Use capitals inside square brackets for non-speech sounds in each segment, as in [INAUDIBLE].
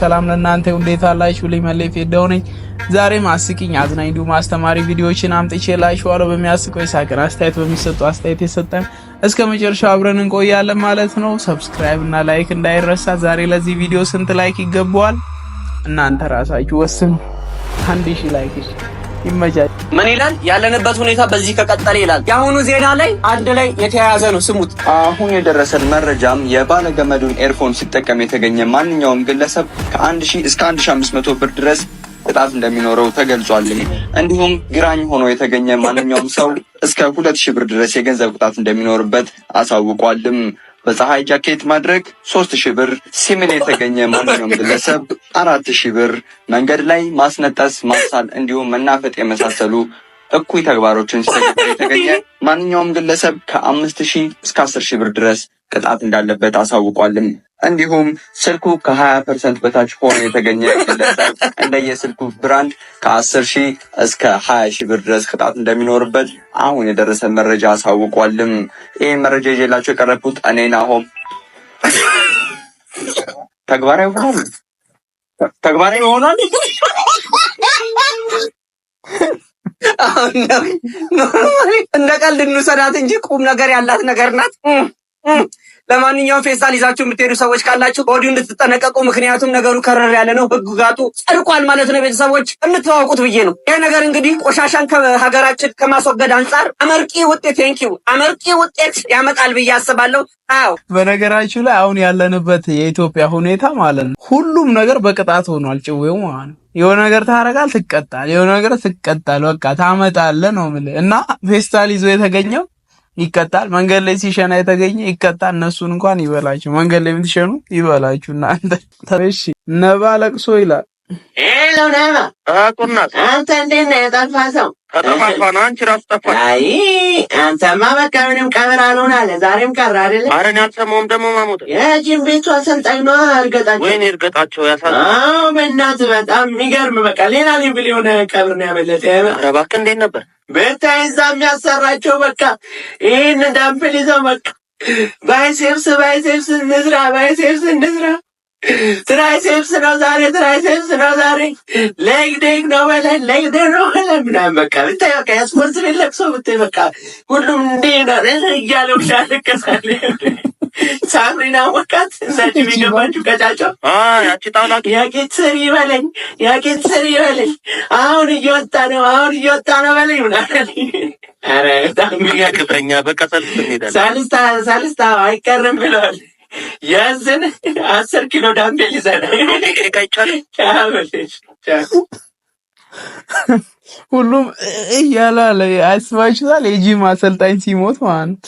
ሰላም ለእናንተ እንዴት አላችሁ? ሊመለፍ የደው ነኝ። ዛሬም አስቂኝ አዝናኝ እንዲሁም አስተማሪ ቪዲዮዎችን አምጥቼላችኋለሁ። በሚያስቀው ይሳቅን አስተያየት በሚሰጡ አስተያየት የሰጠን እስከ መጨረሻው አብረን እንቆያለን ማለት ነው። ሰብስክራይብ እና ላይክ እንዳይረሳ። ዛሬ ለዚህ ቪዲዮ ስንት ላይክ ይገባዋል? እናንተ ራሳችሁ ወስኑ። አንድ ሺህ ላይክ ይችላል ይመቻል። ምን ይላል? ያለንበት ሁኔታ በዚህ ከቀጠለ ይላል የአሁኑ ዜና ላይ አንድ ላይ የተያያዘ ነው። ስሙት። አሁን የደረሰን መረጃም የባለ ገመዱን ኤርፎን ሲጠቀም የተገኘ ማንኛውም ግለሰብ ከአንድ ሺህ እስከ አንድ ሺህ አምስት መቶ ብር ድረስ ቅጣት እንደሚኖረው ተገልጿል። እንዲሁም ግራኝ ሆኖ የተገኘ ማንኛውም ሰው እስከ ሁለት ሺህ ብር ድረስ የገንዘብ ቅጣት እንደሚኖርበት አሳውቋልም። በፀሐይ ጃኬት ማድረግ ሶስት ሺህ ብር፣ ሲምን የተገኘ ማንኛውም ግለሰብ አራት ሺህ ብር፣ መንገድ ላይ ማስነጠስ፣ ማሳል እንዲሁም መናፈጥ የመሳሰሉ እኩይ ተግባሮችን ሲተገብር የተገኘ ማንኛውም ግለሰብ ከአምስት ሺህ እስከ አስር ሺህ ብር ድረስ ቅጣት እንዳለበት አሳውቋልም። እንዲሁም ስልኩ ከ20 ፐርሰንት በታች ሆኖ የተገኘ ግለሰብ እንደየስልኩ ብራንድ ከ10 ሺህ እስከ 20 ሺህ ብር ድረስ ቅጣት እንደሚኖርበት አሁን የደረሰ መረጃ አሳውቋልም። ይህ መረጃ ይዤላቸው የቀረብኩት እኔ ናሆም ተግባራዊ ሆኗል። ተግባራዊ ሆኗል። እንደ ቀልድ እንውሰዳት እንጂ ቁም ነገር ያላት ነገር ናት። ለማንኛውም ፌስታል ይዛችሁ የምትሄዱ ሰዎች ካላችሁ በወዲሁ እንድትጠነቀቁ፣ ምክንያቱም ነገሩ ከረር ያለ ነው። ህግጋቱ ጸድቋል ማለት ነው። ቤተሰቦች እንተዋውቁት ብዬ ነው። ይህ ነገር እንግዲህ ቆሻሻን ከሀገራችን ከማስወገድ አንጻር አመርቂ ውጤት ቴንኪው አመርቂ ውጤት ያመጣል ብዬ አስባለሁ። አዎ በነገራችሁ ላይ አሁን ያለንበት የኢትዮጵያ ሁኔታ ማለት ነው ሁሉም ነገር በቅጣት ሆኗል። ጭዌው ማለት ነው የሆነ ነገር ታረጋል፣ ትቀጣል፣ የሆነ ነገር ትቀጣል፣ በቃ ታመጣለ ነው ምል እና ፌስታል ይዞ የተገኘው ይቀጣል። መንገድ ላይ ሲሸና የተገኘ ይቀጣል። እነሱን እንኳን ይበላቸው። መንገድ ላይ የምትሸኑ ይበላችሁ እናንተ። እሺ ነባ ለቅሶ ይላል ሄለው ነባ ቁናት አንተ እንዴት ነህ? የጠፋ ሰው ከጠፋፋ ነው። አንቺ ራሱ ጠፋ። አይ አንተማ በቃ ምንም ቀብር አልሆን አለ። ዛሬም ቀረ አይደለ? ኧረ እኔ አልሰማሁም። ደግሞ ማሞት የጅን ቤቱ አሰልጣኝ ነው። እርገጣቸው ወይኔ እርገጣቸው ያሳል። አዎ በእናትህ በጣም የሚገርም በቃ ሌላ ሌቭል የሆነ ቀብር ነው ያመለጠ። ኧረ እባክህ እንዴት ነበር? ቤታይ እዛ የሚያሰራቸው በቃ ይህን ዳምፕል ይዘው በቃ ባይሴፕስ ባይሴፕስ እንስራ፣ ባይሴፕስ እንስራ ትራይሴፕስ ነው ዛሬ፣ ትራይሴፕስ ነው ዛሬ። ነው በለን፣ ነው በለን ምናምን በቃ ብታይ በቃ ቤት ለቅሶ ብታይ በቃ ሁሉም እንዴ ነው እያለ ሳምሪና ወቃት እዛች የሚገባችሁ ቀጫጫው ያቄት ስሪ በለኝ፣ ያቄት ስሪ በለኝ። አሁን እየወጣ ነው፣ አሁን እየወጣ ነው በለኝ ምናምን በቃ ሰልስት ሰልስታ ሰልስታ አይቀርም ብለዋል። ያዘን አስር ኪሎ ዳምቤል ይዘናል። [LAUGHS] ሁሉም እያላለ አስባችኋል። የጂም አሰልጣኝ ሲሞት ማለት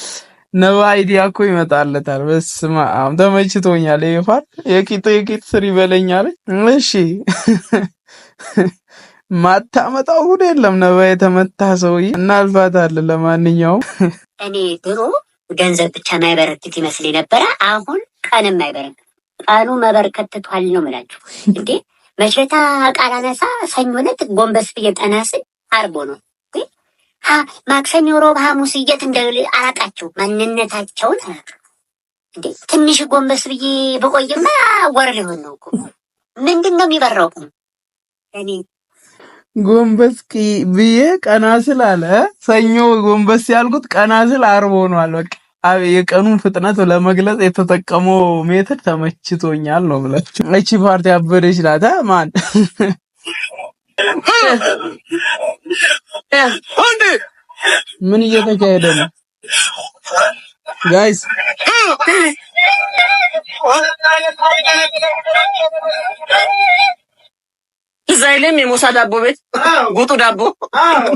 ነባ አይዲያ እኮ ይመጣለታል። በስመ አብ ተመችቶኛል። ይፋል የቂጥ የቂጥ ስር ይበለኛል። እሺ [LAUGHS] ማታመጣው ሁሉ የለም ነባ የተመታ ሰውዬ እናልፋታለን። ለማንኛውም እኔ ድሮ ገንዘብ ብቻ የማይበረክት ይመስል የነበረ አሁን ቀን የማይበረክት ቀኑ መበርከት ትቷል ነው ምላችሁ እንዴ? መቼታ ቃል አነሳ ሰኞ ዕለት ጎንበስ ብዬ ጠናስ አርቦ ነው ማክሰኞ፣ ሮብ፣ ሐሙስ እየት እንደ አላቃቸው ማንነታቸውን እንዴ ትንሽ ጎንበስ ብዬ በቆይማ ወር ሊሆን ነው ምንድን ነው የሚበረው? እኔ ጎንበስ ብዬ ቀና አለ ሰኞ ጎንበስ ያልኩት ቀና ስል አርቦ ነው አልበቅ የቀኑን ፍጥነት ለመግለጽ የተጠቀመው ሜትር ተመችቶኛል ነው ብላችሁ። እቺ ፓርቲ አበደች ላታ ማን ምን እየተካሄደ ነው ጋይስ? እዛ ይለም የሞሳ ዳቦ ቤት ጉጡ ዳቦ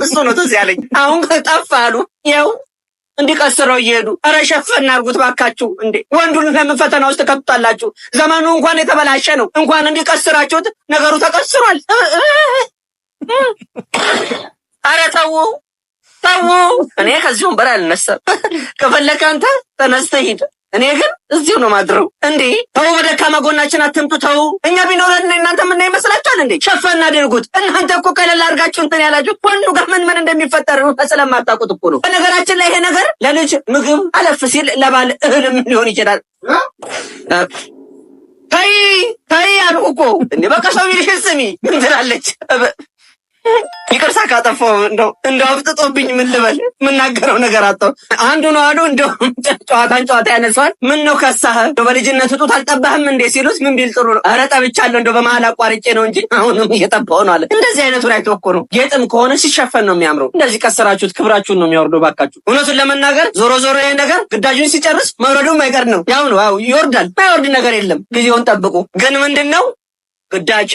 እሱ ነው ትዝ ያለኝ። አሁን ከጠፋ አሉ ያው እንዲቀስረው እየሄዱ ኧረ ሸፈን አድርጉት ባካችሁ። እንዴ ወንዱን ለምን ፈተና ውስጥ ከብታላችሁ? ዘመኑ እንኳን የተበላሸ ነው። እንኳን እንዲቀስራችሁት ነገሩ ተቀስሯል። አረ ተው ተው። እኔ ከዚህ በር አልነሳም። ከፈለከ አንተ ተነስተህ ሂድ። እኔ ግን እዚሁ ነው ማድረው። እንዴ ተው፣ በደካማ ጎናችን አትምጡ። ተው፣ እኛ ቢኖረን እናንተ ምና ይመስላችኋል እንዴ? ሸፈን አድርጉት። እናንተ እኮ ቀለል አድርጋችሁ እንትን ያላችሁ ሁሉ ጋር ምን ምን እንደሚፈጠር ስለማታውቁት እኮ ነው። በነገራችን ላይ ይሄ ነገር ለልጅ ምግብ አለፍ ሲል ለባል እህልም ሊሆን ይችላል። ተይ ተይ አልኩ እኮ በቃ ሰው ይልሽን ስሚ ምን ትላለች? ይቅርታ ካጠፋው እንደው እንደው አብጥጦብኝ ምን ልበል የምናገረው ነገር አጣው። ነው ዋዶ እንደው ጨዋታን ጨዋታ ያነሷል። ምን ነው ከሳህ በልጅነት ጡት አልጠባህም እንዴ ሲሉት ምን ቢል ጥሩ ነው? ኧረ ጠብቻለሁ፣ እንደው በመሀል አቋርጬ ነው እንጂ አሁንም እየጠባው ነው አለ። እንደዚህ አይነቱ ላይ ተወኮ ነው። ጌጥም ከሆነ ሲሸፈን ነው የሚያምረው። እንደዚህ ቀሰራችሁት፣ ክብራችሁን ነው የሚያወርዱ ባካችሁ፣ እውነቱን ለመናገር ዞሮ ዞሮ ይህ ነገር ግዳጁን ሲጨርስ መውረዱም አይቀር ነው። ያው ነው፣ ያው ይወርዳል። ማይወርድ ነገር የለም። ጊዜውን ጠብቁ። ግን ምንድን ነው ግዳጅ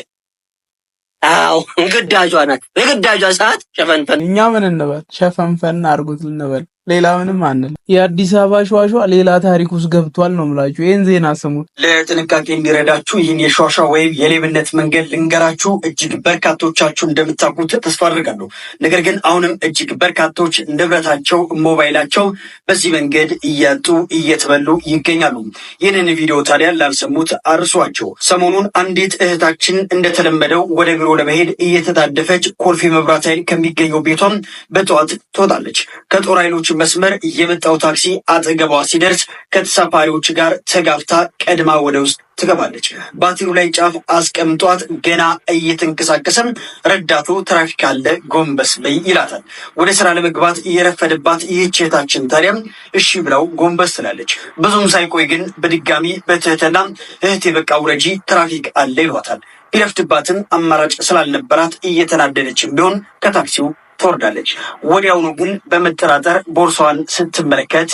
አዎ ግዳጇ ናት። የግዳጇ ሰዓት ሸፈንፈን። እኛ ምን እንበል? ሸፈንፈን አድርጉት ልንበል ሌላ ምንም አንል። የአዲስ አበባ ሸዋሸዋ ሌላ ታሪክ ውስጥ ገብቷል ነው ምላችሁ። ይህን ዜና ስሙ። ለጥንቃቄ እንዲረዳችሁ ይህን የሸዋሸዋ ወይም የሌብነት መንገድ ልንገራችሁ። እጅግ በርካቶቻችሁ እንደምታውቁት ተስፋ አድርጋለሁ። ነገር ግን አሁንም እጅግ በርካቶች ንብረታቸው፣ ሞባይላቸው በዚህ መንገድ እያጡ እየተበሉ ይገኛሉ። ይህንን ቪዲዮ ታዲያ ላልሰሙት አርሷቸው። ሰሞኑን አንዲት እህታችን እንደተለመደው ወደ ቢሮ ለመሄድ እየተጣደፈች ኮልፌ መብራት ኃይል ከሚገኘው ቤቷም በጠዋት ትወጣለች ከጦር ኃይሎች መስመር የመጣው ታክሲ አጠገቧ ሲደርስ ከተሳፋሪዎች ጋር ተጋፍታ ቀድማ ወደ ውስጥ ትገባለች። ባትሪው ላይ ጫፍ አስቀምጧት ገና እየተንቀሳቀሰም ረዳቱ ትራፊክ አለ ጎንበስ በይ ይላታል። ወደ ስራ ለመግባት እየረፈደባት ይህች ታዲያም እሺ ብለው ጎንበስ ትላለች። ብዙም ሳይቆይ ግን በድጋሚ በትህትና እህት የበቃ ውረጂ ትራፊክ አለ ይሏታል። ቢረፍድባትም አማራጭ ስላልነበራት እየተናደደችም ቢሆን ከታክሲው ትወርዳለች። ወዲያውኑ ግን በመጠራጠር ቦርሳዋን ስትመለከት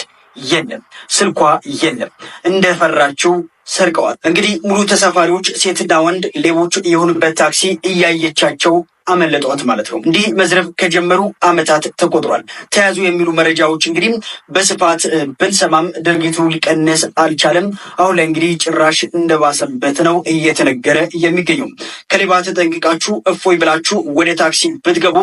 የለም፣ ስልኳ የለም። እንደፈራችው ሰርቀዋል። እንግዲህ ሙሉ ተሳፋሪዎች ሴትና ወንድ ሌቦች የሆኑበት ታክሲ እያየቻቸው አመለጧት ማለት ነው። እንዲህ መዝረፍ ከጀመሩ ዓመታት ተቆጥሯል። ተያዙ የሚሉ መረጃዎች እንግዲህ በስፋት ብንሰማም ድርጊቱ ሊቀነስ አልቻለም። አሁን ላይ እንግዲህ ጭራሽ እንደባሰበት ነው እየተነገረ የሚገኘው። ከሌባ ተጠንቅቃችሁ እፎይ ብላችሁ ወደ ታክሲ ብትገቡ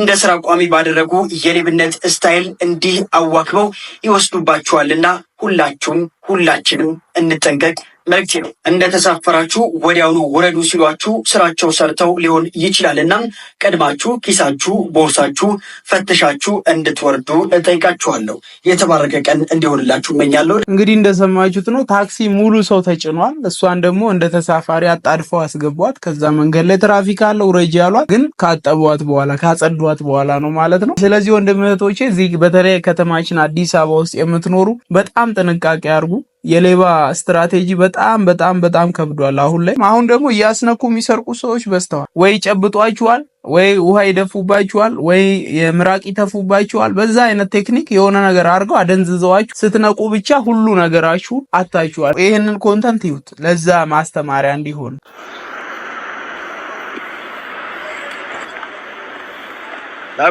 እንደ ስራ ቋሚ ባደረጉ የሌብነት ስታይል እንዲህ አዋክበው ይወስዱባችኋልና ሁላችሁም ሁላችንም እንጠንቀቅ። መልእክቴ ነው። እንደተሳፈራችሁ ወዲያውኑ ውረዱ ሲሏችሁ ስራቸው ሰርተው ሊሆን ይችላልና ቀድማችሁ ኪሳችሁ፣ ቦርሳችሁ ፈትሻችሁ እንድትወርዱ እጠይቃችኋለሁ። የተባረከ ቀን እንዲሆንላችሁ እመኛለሁ። እንግዲህ እንደሰማችሁት ነው። ታክሲ ሙሉ ሰው ተጭኗል። እሷን ደግሞ እንደ ተሳፋሪ አጣድፈው አስገቧት። ከዛ መንገድ ላይ ትራፊክ አለው ረጅ ያሏት ግን ካጠቧት በኋላ ካጸዷት በኋላ ነው ማለት ነው። ስለዚህ ወንድም እህቶቼ እዚህ በተለይ ከተማችን አዲስ አበባ ውስጥ የምትኖሩ በጣም ጥንቃቄ አድርጉ። የሌባ ስትራቴጂ በጣም በጣም በጣም ከብዷል። አሁን ላይ አሁን ደግሞ እያስነኩ የሚሰርቁ ሰዎች በዝተዋል። ወይ ጨብጧችኋል፣ ወይ ውሃ ይደፉባችኋል፣ ወይ የምራቅ ይተፉባችኋል። በዛ አይነት ቴክኒክ የሆነ ነገር አድርገው አደንዝዘዋችሁ ስትነቁ ብቻ ሁሉ ነገራችሁ አታችኋል። ይህንን ኮንተንት ይዩት፣ ለዛ ማስተማሪያ እንዲሆን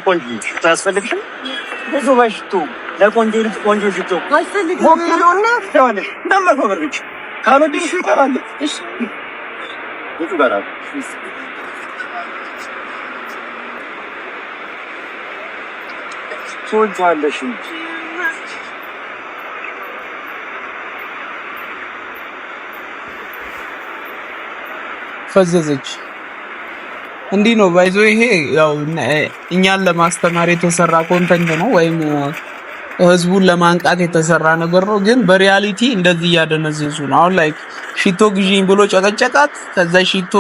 ቆንጆ ታስፈልግሽም ብዙ በሽቱ ለቆንጆ ልጅ ቆንጆ ሽቶ ፈዘዘች። እንዲህ ነው ባይዞ። ይሄ ያው እኛን ለማስተማር የተሰራ ኮንተንት ነው ወይም ህዝቡን ለማንቃት የተሰራ ነገር ነው። ግን በሪያሊቲ እንደዚህ እያደነዘዙ ነው አሁን ላይክ ሽቶ ግዢኝ ብሎ ጨቀጨቃት። ከዛ ሽቶ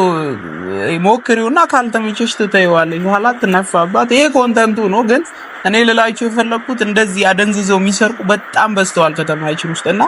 ሞክሪውና ካልተመቸሽ ትተይዋለሽ፣ በኋላ ትነፋባት። ይሄ ኮንተንቱ ነው። ግን እኔ ልላችሁ የፈለግኩት እንደዚህ አደንዝዘው የሚሰርቁ በጣም በዝተዋል ከተማችን ውስጥ እና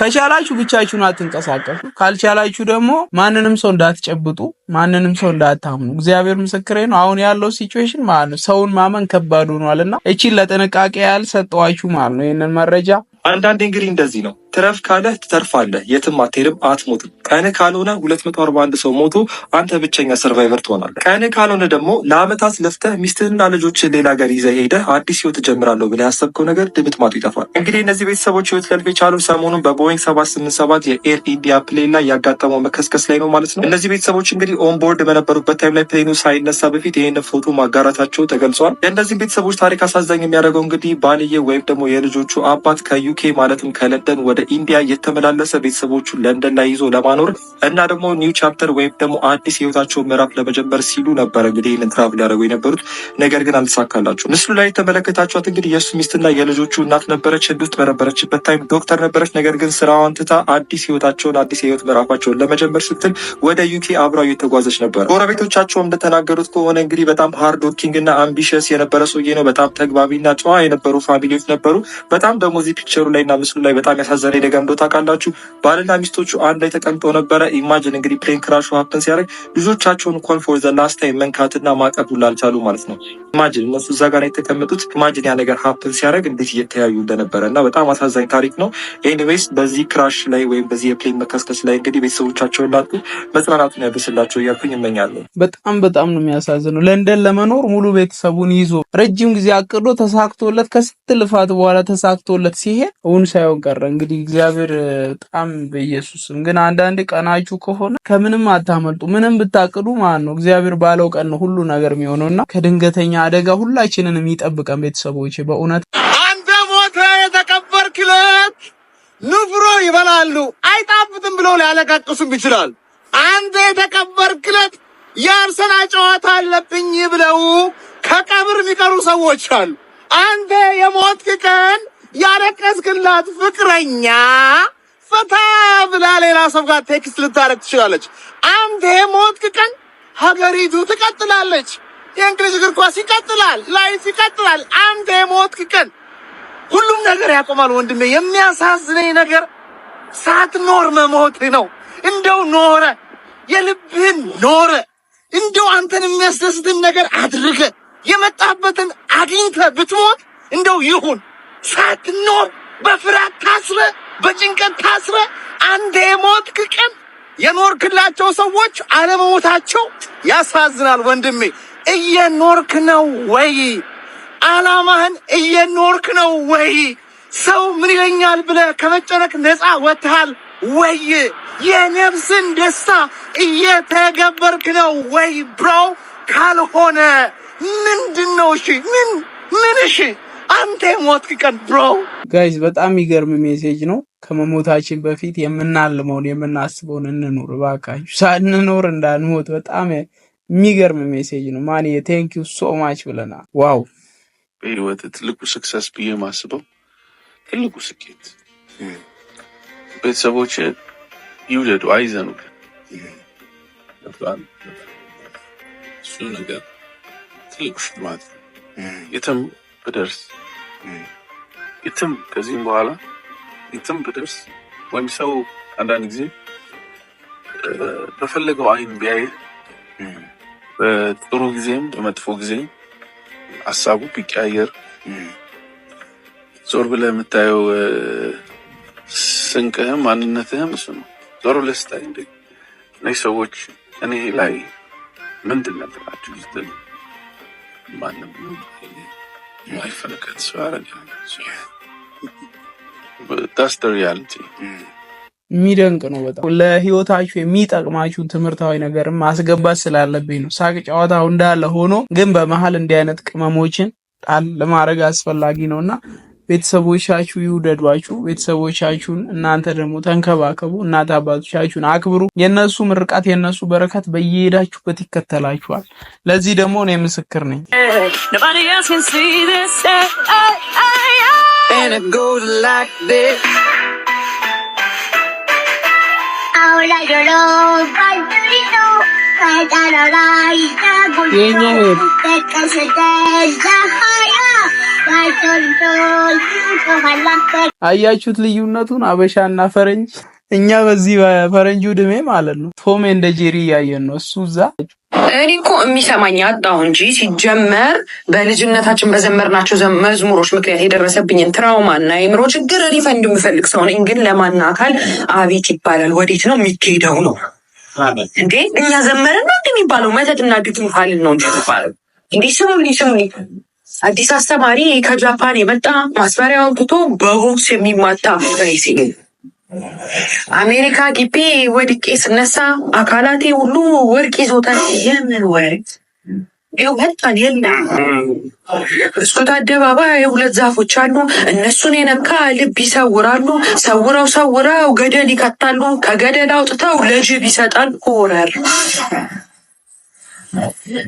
ከቻላችሁ ብቻችሁን አትንቀሳቀሱ። ካልቻላችሁ ደግሞ ማንንም ሰው እንዳትጨብጡ፣ ማንንም ሰው እንዳታምኑ። እግዚአብሔር ምስክሬ ነው። አሁን ያለው ሲቹዌሽን ማለት ነው ሰውን ማመን ከባድ ሆኗል እና እቺን ለጥንቃቄ ያህል ሰጠዋችሁ ማለት ነው ይህንን መረጃ። አንዳንዴ እንግዲህ እንደዚህ ነው ትረፍ ካለህ ትተርፋለህ። የትም አትሄድም፣ አትሞትም። ቀን ካልሆነ 241 ሰው ሞቶ አንተ ብቸኛ ሰርቫይቨር ትሆናለህ። ቀን ካልሆነ ደግሞ ለአመታት ለፍተህ ሚስትህንና ልጆች ሌላ ሀገር ይዘህ ሄደህ አዲስ ህይወት እጀምራለሁ ብለህ ያሰብከው ነገር ድምጥማጡ ይጠፋል። እንግዲህ እነዚህ ቤተሰቦች ህይወት ሊያልፍ የቻሉ ሰሞኑን በቦይንግ 787 የኤር ኢንዲያ ፕሌን ላይ ያጋጠመው መከስከስ ላይ ነው ማለት ነው። እነዚህ ቤተሰቦች እንግዲህ ኦንቦርድ በነበሩበት ታይም ላይ ፕሌኑ ሳይነሳ በፊት ይህን ፎቶ ማጋራታቸው ተገልጿል። የእነዚህም ቤተሰቦች ታሪክ አሳዛኝ የሚያደርገው እንግዲህ ባልየ ወይም ደግሞ የልጆቹ አባት ከዩኬ ማለትም ከለንደን ወደ ወደ ኢንዲያ እየተመላለሰ ቤተሰቦቹን ለንደን ላይ ይዞ ለማኖር እና ደግሞ ኒው ቻፕተር ወይም ደግሞ አዲስ ህይወታቸውን ምዕራፍ ለመጀመር ሲሉ ነበረ እንግዲህ ይህንን ትራቭል ያደረጉ የነበሩት። ነገር ግን አልተሳካላቸው። ምስሉ ላይ የተመለከታችኋት እንግዲህ የእሱ ሚስትና የልጆቹ እናት ነበረች። ህንድ ውስጥ በነበረችበት ታይም ዶክተር ነበረች። ነገር ግን ስራዋን ትታ አዲስ ህይወታቸውን አዲስ የህይወት ምዕራፋቸውን ለመጀመር ስትል ወደ ዩኬ አብራው የተጓዘች ነበር። ጎረቤቶቻቸው እንደተናገሩት ከሆነ እንግዲህ በጣም ሃርድ ወርኪንግ እና አምቢሽስ የነበረ ሰውዬ ነው። በጣም ተግባቢና ጨዋ የነበሩ ፋሚሊዎች ነበሩ። በጣም ደግሞ እዚህ ፒክቸሩ ላይ እና ምስሉ ላይ በጣም ያሳዘ ዘሬ ደገምዶ ታውቃላችሁ። ባልና ሚስቶቹ አንድ ላይ ተቀምጠው ነበረ። ኢማጅን እንግዲህ ፕሌን ክራሽ ሀፕን ሲያደርግ ልጆቻቸውን እንኳን ፎር ዘ ላስት ታይም መንካትና ማቀብ ላልቻሉ ማለት ነው። ኢማጅን እነሱ እዛ ጋር የተቀመጡት ኢማጅን ያ ነገር ሀፕን ሲያደርግ እንዴት እየተያዩ እንደነበረ እና በጣም አሳዛኝ ታሪክ ነው። ኤኒዌይስ በዚህ ክራሽ ላይ ወይም በዚህ የፕሌን መከስከስ ላይ እንግዲህ ቤተሰቦቻቸውን ላጡ መጽናናቱን ያደርስላቸው እያልኩኝ እመኛለሁ። በጣም በጣም ነው የሚያሳዝነው። ለንደን ለመኖር ሙሉ ቤተሰቡን ይዞ ረጅም ጊዜ አቅዶ ተሳክቶለት ከስት ልፋት በኋላ ተሳክቶለት ሲሄድ እውን ሳይሆን ቀረ እንግዲህ እግዚአብሔር በጣም በኢየሱስም ግን አንዳንዴ ቀናችሁ ከሆነ ከምንም አታመልጡ። ምንም ብታቅዱ ማለት ነው እግዚአብሔር ባለው ቀን ነው ሁሉ ነገር የሚሆነውና ከድንገተኛ አደጋ ሁላችንን የሚጠብቀን ቤተሰቦች በእውነት አንተ ሞተ ክለት ንፍሮ ይበላሉ አይጣፍጥም ብለው ሊያለቃቅሱም ይችላል። አንተ ክለት የአርሰና ጨዋታ አለብኝ ብለው ከቀብር የሚቀሩ ሰዎች አሉ። አንተ የሞትክ ቀን ያለቀስክላት ፍቅረኛ ፈታ ብላ ሌላ ሰው ጋር ቴክስት ልታደርግ ትችላለች። አንተ ሞትክ ቀን ሀገሪቱ ትቀጥላለች። የእንግሊዝ እግር ኳስ ይቀጥላል። ላይፍ ይቀጥላል። አንተ ሞትክ ቀን ሁሉም ነገር ያቆማል። ወንድሜ የሚያሳዝነኝ ነገር ሳትኖር መሞት ነው። እንደው ኖረ የልብህን ኖረ እንደው አንተን የሚያስደስትን ነገር አድርገ የመጣበትን አግኝተ ብትሞት እንደው ይሁን። ሳትኖር በፍርሃት ታስረ በጭንቀት ታስረ አንድ የሞት ቀን የኖርክላቸው ሰዎች አለመሞታቸው ያሳዝናል ወንድሜ። እየኖርክ ነው ወይ? አላማህን እየኖርክ ነው ወይ? ሰው ምን ይለኛል ብለ ከመጨነቅ ነፃ ወጥተሃል ወይ? የነፍስን ደስታ እየተገበርክ ነው ወይ? ብራው ካልሆነ ምንድን ነው? እሺ ምን ምን እሺ አንተ ሞትክ ቀን ብሮ ጋይዝ፣ በጣም የሚገርም ሜሴጅ ነው። ከመሞታችን በፊት የምናልመውን የምናስበውን እንኑር እባካችሁ፣ ሳንኖር እንዳንሞት። በጣም የሚገርም ሜሴጅ ነው። ማን ቴንክ ዩ ሶ ማች ብለና፣ ዋው በህይወት ትልቁ ስክሰስ ብዬ ማስበው ትልቁ ስኬት ቤተሰቦች ይውለዱ አይዘኑ፣ እሱ ነገር ትልቁ ሽልማት የተም ብደርስ የትም ከዚህም በኋላ የትም ብደርስ ወይም ሰው አንዳንድ ጊዜ በፈለገው አይን ቢያይ በጥሩ ጊዜም በመጥፎ ጊዜ ሀሳቡ ቢቀያየር ዞር ብለህ የምታየው ስንቅህም ማንነትህም እሱ ነው። ዞር ብለህ ስታይ እንደ እነዚህ ሰዎች እኔ ላይ ምንድን ነበራቸው ስትል ማንም የማይፈለግ ሰው የሚደንቅ ነው በጣም ለህይወታችሁ የሚጠቅማችሁን ትምህርታዊ ነገር ማስገባት ስላለብኝ ነው። ሳቅ ጨዋታው እንዳለ ሆኖ ግን በመሀል እንዲህ አይነት ቅመሞችን ጣል ለማድረግ አስፈላጊ ነውና ቤተሰቦቻችሁ ይውደዷችሁ። ቤተሰቦቻችሁን እናንተ ደግሞ ተንከባከቡ። እናት አባቶቻችሁን አክብሩ። የእነሱ ምርቃት፣ የእነሱ በረከት በየሄዳችሁበት ይከተላችኋል። ለዚህ ደግሞ እኔ ምስክር ነኝ። የእኛ አያችሁት ልዩነቱን አበሻና ፈረንጅ። እኛ በዚህ በፈረንጁ ድሜ ማለት ነው ቶሜ እንደ ጄሪ እያየን ነው። እሱ እዛ እኔ እኮ የሚሰማኝ አጣሁ እንጂ ሲጀመር በልጅነታችን በዘመርናቸው መዝሙሮች ምክንያት የደረሰብኝን ትራውማ እና የምሮ ችግር ሪፈንድ የምፈልግ ሰው ነኝ። ግን ለማና አካል አቤት ይባላል። ወዴት ነው የሚካሄደው? ነው እንዴ እኛ ዘመርና እንደሚባለው መተትና ግጥም ፋልል ነው እንጂ ይባላል እንዴ ስሙ ስሙ አዲስ አስተማሪ ከጃፓን የመጣ ማስፈሪያ አውጥቶ በቦክስ የሚማታ ራይሴ አሜሪካ ግቢ ወድቄ ስነሳ አካላቴ ሁሉ ወርቅ ይዞታል። የምን ወርቅ ይኸው መጣን የለ ብስኩት አደባባይ የሁለት ዛፎች አሉ። እነሱን የነካ ልብ ይሰውራሉ። ሰውረው ሰውረው ገደል ይከታሉ። ከገደል አውጥተው ለጅብ ይሰጣል። ሆረር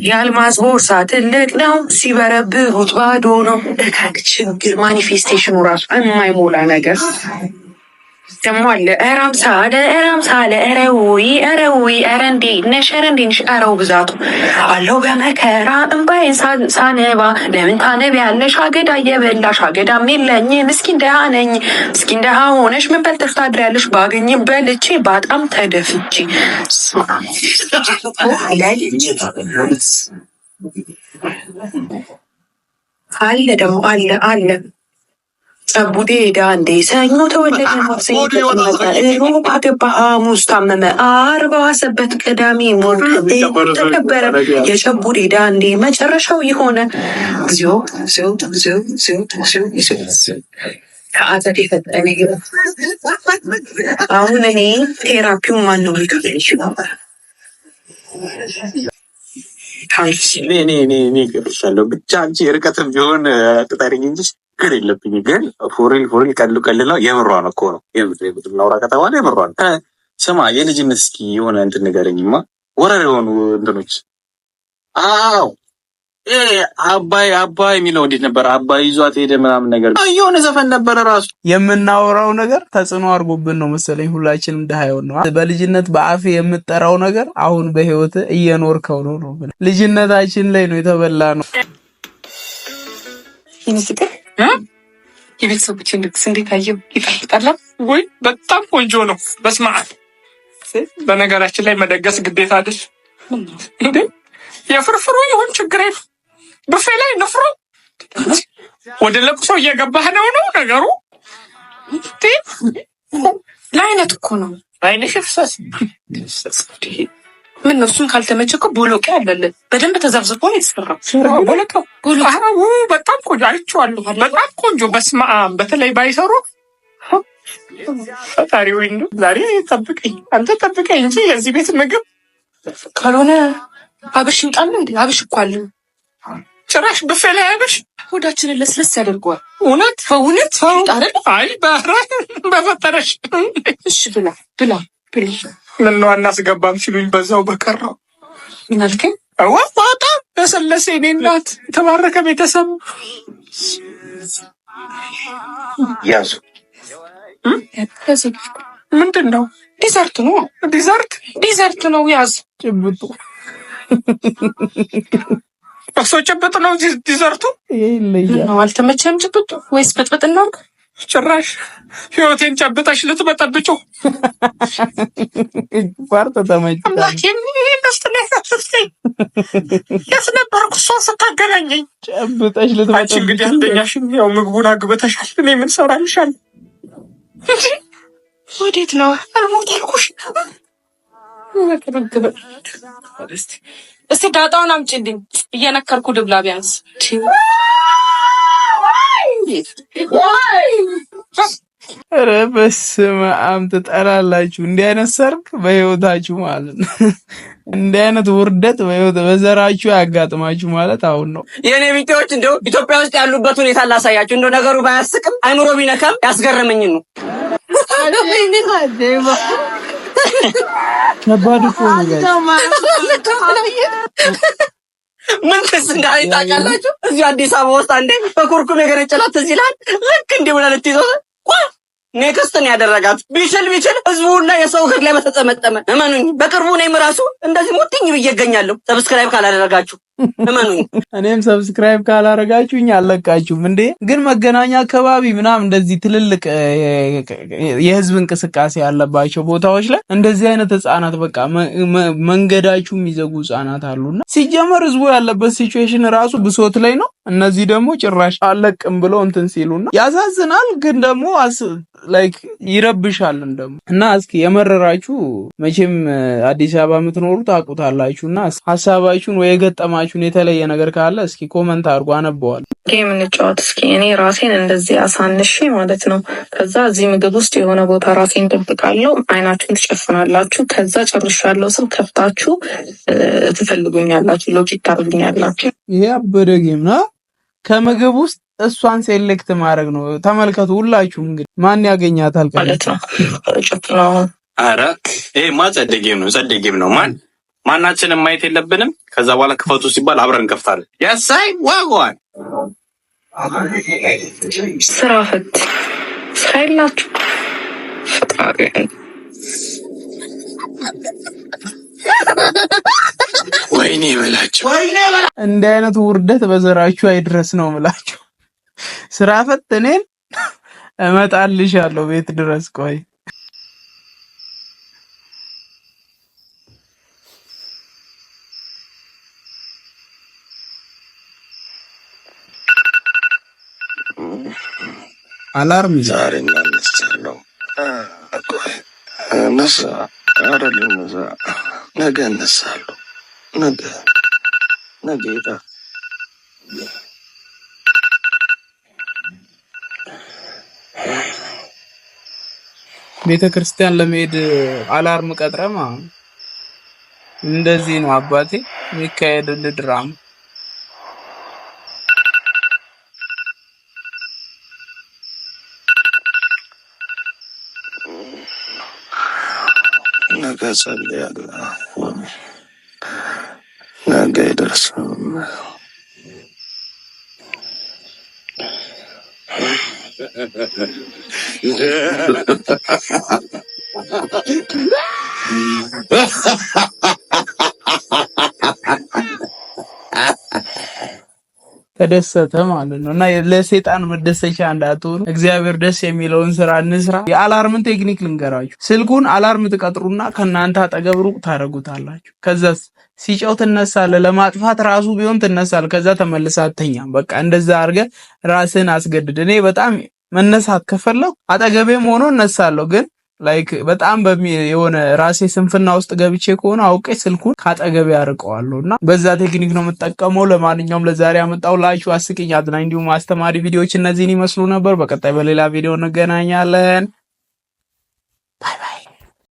የአልማዝ ቦርሳ ትልቅ ነው ሲበረብህ ሆድ ባዶ ነው። ችግር ማኒፌስቴሽኑ ራሱ የማይሞላ ነገር ደግሞ አለ ኧረ አምሳ አለ ኧረ አምሳ አለ ኧረ ውይ ኧረ ውይ ኧረ እንዴት ነሽ ኧረ እንዴት ነሽ ኧረው ብዛቱ አለው በመከራ እምባዬን ሳነባ ለምን ታነቢያለሽ አገዳ እየበላሽ አገዳም የለኝም ምስኪን ደሃ ነኝ ምስኪን ደሃ ሆነሽ ምን በልተሽ ታድሪያለሽ ባገኝ በልቼ በጣም ተደፍቼ አለ ደግሞ አለ አለ ጸቡዴ ሄዳ እንዴ ሰኞ ተወለደ፣ ማክሰኞ ተጠመቀ፣ ሮብ አገባ፣ ሐሙስ ታመመ፣ አርብ ዋሰበት፣ ቅዳሜ ሞተ፣ ተቀበረ። የጨቡዴ ሄዳ እንዴ መጨረሻው የሆነ እግዚኦ አዘር የፈጠነ አሁን እኔ ቴራፒውን ማነው ሊከፍል ይችላል? እኔ እኔ እኔ እገርሻለሁ። ብቻ አንቺ ርቀትም ቢሆን ቅጠሪኝ እንጂ ችግር የለብኝ። ግን ፎሪል ፎሪል ቀሉ ቀልል ነው። የምሯን እኮ ነው የምናውራ ከተባለ የምሯን። ስማ የልጅነት እስኪ የሆነ እንትን ንገረኝማ ወረር የሆኑ እንትኖች። አዎ አባይ አባይ የሚለው እንዴት ነበር? አባይ ይዟት ሄደ ምናምን ነገር የሆነ ዘፈን ነበረ። ራሱ የምናወራው ነገር ተጽዕኖ አድርጎብን ነው መሰለኝ። ሁላችንም ድሃ የሆነዋ በልጅነት በአፌ የምጠራው ነገር አሁን በህይወት እየኖርከው ነው ነው ልጅነታችን ላይ ነው የተበላ ነው የቤተሰቦችን ልግስ እንዴት አየው? ይጣፍጣል ወይ? በጣም ቆንጆ ነው። በስማ በነገራችን ላይ መደገስ ግዴታ አይደል እንዴ? የፍርፍሩ ይሁን ችግር የለም። ብፌ ላይ ንፍሮ ወደ ለቅሶ እየገባህ ነው ነው ነገሩ። ለአይነት እኮ ነው አይነት ፍሰስ ምን ነው እሱን ካልተመቸ እኮ ቦሎቄ አለልን በደንብ ተዘብዝቦ ነው የተሰራው። ቦሎቄው በጣም ቆንጆ አይቼዋለሁ። በጣም ቆንጆ በስመ አብ። በተለይ ባይሰሩ ፈጣሪ ወይ ዛሬ ጠብቀኝ፣ አንተ ጠብቀኝ እንጂ የዚህ ቤት ምግብ ካልሆነ አብሽ ይውጣል። እንዴ? አብሽ እኮ አለ ጭራሽ ብፌ ላይ አብሽ ሆዳችንን ለስለስ ያደርገዋል። እውነት በእውነት አይደል? አይ በፈጠረሽ እሺ ብላ ብላ ለለዋ እናስገባም ሲሉኝ በዛው በቀረው ምናልከኝ ዋ በጣም ለሰለሰ የኔ እናት የተባረከ ቤተሰብ ያዙ። ምንድን ነው ዲዘርት ነው ዲዘርት ዲዘርት ነው። ያዝ ጭብጡ እሶ ጭብጥ ነው ዲዘርቱ። አልተመቸም ጭብጡ ወይስ ፍጥፍጥ እናርግ ጭራሽ ህይወቴን ጨብጠሽ ልትበጠብጩ ግባር ተተመጭላች የት ነበርኩ? ስታገናኘኝ ጨብጠሽ ልትበጠብጪ። እንግዲህ አንደኛሽን ያው ምግቡን አግብተሻል። እኔ ምን ሰራልሻል? ወዴት ነው አልሞት አልኩሽ። እስቲ ዳጣውን አምጪልኝ፣ እየነከርኩ ልብላ ቢያንስ ኧረ በስመ አብ ትጠላላችሁ። እንዲህ አይነት ሰርግ በህይወታችሁ ማለት ነው። እንዲህ አይነት ውርደት በዘራችሁ ያጋጥማችሁ ማለት አሁን ነው። የእኔ ቢጤዎች እንደው ኢትዮጵያ ውስጥ ያሉበት ሁኔታ ላሳያችሁ። እንደው ነገሩ ባያስቅም አይምሮ ቢነካም ያስገረመኝ። ነው። ከባድ እኮ ነው። ምን ክስ እንዳለኝ ታውቃላችሁ? እዚሁ አዲስ አበባ ውስጥ አንዴ በኩርኩም የገነጨላት ትዝ ይላል። ልክ እንዲህ ብላ ልትይዘው ኔክስትን ያደረጋት ቢችል ቢችል ህዝቡና የሰው እግር ላይ በተጠመጠመ እመኑኝ፣ በቅርቡ እኔም ራሱ እንደዚህ ሙጥኝ ብዬ እገኛለሁ። ሰብስክራይብ ካላደረጋችሁ እኔም ሰብስክራይብ ካላረጋችሁኝ አለቃችሁም እንዴ። ግን መገናኛ አካባቢ ምናምን እንደዚህ ትልልቅ የህዝብ እንቅስቃሴ ያለባቸው ቦታዎች ላይ እንደዚህ አይነት ህጻናት በቃ መንገዳችሁ የሚዘጉ ህጻናት አሉና ሲጀመር ህዝቡ ያለበት ሲቹዌሽን ራሱ ብሶት ላይ ነው። እነዚህ ደግሞ ጭራሽ አለቅም ብለው እንትን ሲሉና ያሳዝናል። ግን ደግሞ ላይክ ይረብሻልን ደግሞ እና እስኪ የመረራችሁ መቼም አዲስ አበባ የምትኖሩ ታውቁታላችሁና ሀሳባችሁን ወይ የገጠማችሁ ያገኛችሁን የተለየ ነገር ካለ እስኪ ኮመንት አድርጎ አነበዋል። የምንጫወት እስኪ እኔ ራሴን እንደዚህ አሳንሽ ማለት ነው። ከዛ እዚህ ምግብ ውስጥ የሆነ ቦታ ራሴን ደብቃለሁ። አይናችሁን ትጨፍናላችሁ። ከዛ ጨርሽ ያለው ስም ከፍታችሁ ትፈልጉኛላችሁ፣ ሎጂክ ታደርጉኛላችሁ። ይሄ አበደ ጌም ነው። ከምግብ ውስጥ እሷን ሴሌክት ማድረግ ነው። ተመልከቱ ሁላችሁም እንግዲህ ማን ያገኛታል ማለት ነው። ጨፍነው አራት ይሄ ማ ጸደጌም ነው ጸደጌም ነው ማን ማናችንም ማየት የለብንም። ከዛ በኋላ ክፈቱ ሲባል አብረን እንከፍታለን። ያሳይ ዋጓዋል ስራ ፈት ስራ የላችሁ ፈጣሪ ወይኔ በላቸው። እንዲህ አይነቱ ውርደት በዘራችሁ አይድረስ ነው ምላችሁ። ስራ ፈት እኔን እመጣልሻለሁ ቤት ድረስ ቆይ አላርም ዛሬ እናነሳለው። ነሳ አደለም ነዛ ነገ እነሳለሁ። ነገ ነገ ጌታ ቤተ ክርስቲያን ለመሄድ አላርም ቀጥረማ። እንደዚህ ነው አባቴ የሚካሄድ ድራማ። صل على نبينا رسول الله ተደሰተ ማለት ነው። እና ለሴጣን መደሰቻ እንዳትሆኑ እግዚአብሔር ደስ የሚለውን ስራ እንስራ። የአላርምን ቴክኒክ ልንገራችሁ። ስልኩን አላርም ትቀጥሩና ከእናንተ አጠገብ ሩቅ ታደርጉታላችሁ። ከዛ ሲጨው ትነሳለ። ለማጥፋት ራሱ ቢሆን ትነሳል። ከዛ ተመለሳተኛ አተኛም። በቃ እንደዛ አርገ ራስን አስገድድ። እኔ በጣም መነሳት ከፈለኩ አጠገቤም ሆኖ እነሳለሁ ግን ላይክ በጣም የሆነ ራሴ ስንፍና ውስጥ ገብቼ ከሆነ አውቄ ስልኩን ካጠገቤ ያርቀዋለሁ እና በዛ ቴክኒክ ነው የምጠቀመው። ለማንኛውም ለዛሬ ያመጣሁላችሁ አስቂኝ፣ አዝናኝ እንዲሁም አስተማሪ ቪዲዮዎች እነዚህን ይመስሉ ነበር። በቀጣይ በሌላ ቪዲዮ እንገናኛለን። ባይ ባይ።